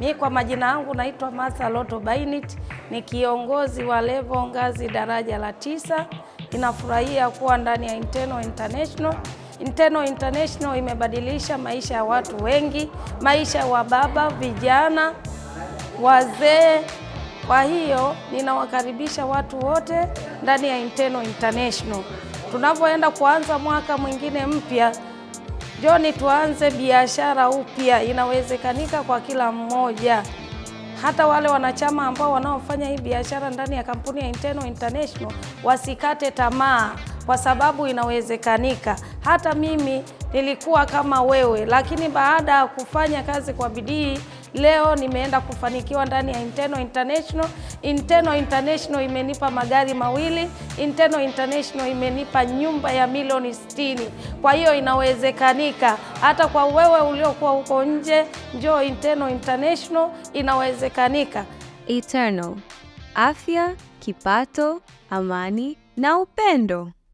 Mi kwa majina yangu naitwa Martha Loto Bainit, ni kiongozi wa levo ngazi daraja la tisa. Inafurahia kuwa ndani ya Eternal International. Eternal International imebadilisha maisha ya watu wengi, maisha wa baba, vijana, wazee. Kwa hiyo ninawakaribisha watu wote ndani ya inteno International. Tunapoenda kuanza mwaka mwingine mpya Joni, tuanze biashara upya, inawezekanika kwa kila mmoja, hata wale wanachama ambao wanaofanya hii biashara ndani ya kampuni ya Eternal International wasikate tamaa, kwa sababu inawezekanika. Hata mimi nilikuwa kama wewe, lakini baada ya kufanya kazi kwa bidii Leo nimeenda kufanikiwa ndani ya Interno International. Interno International imenipa magari mawili. Interno International imenipa nyumba ya milioni sitini. Kwa hiyo inawezekanika, hata kwa wewe uliokuwa huko nje, njoo Interno International, inawezekanika. Eternal: afya, kipato, amani na upendo.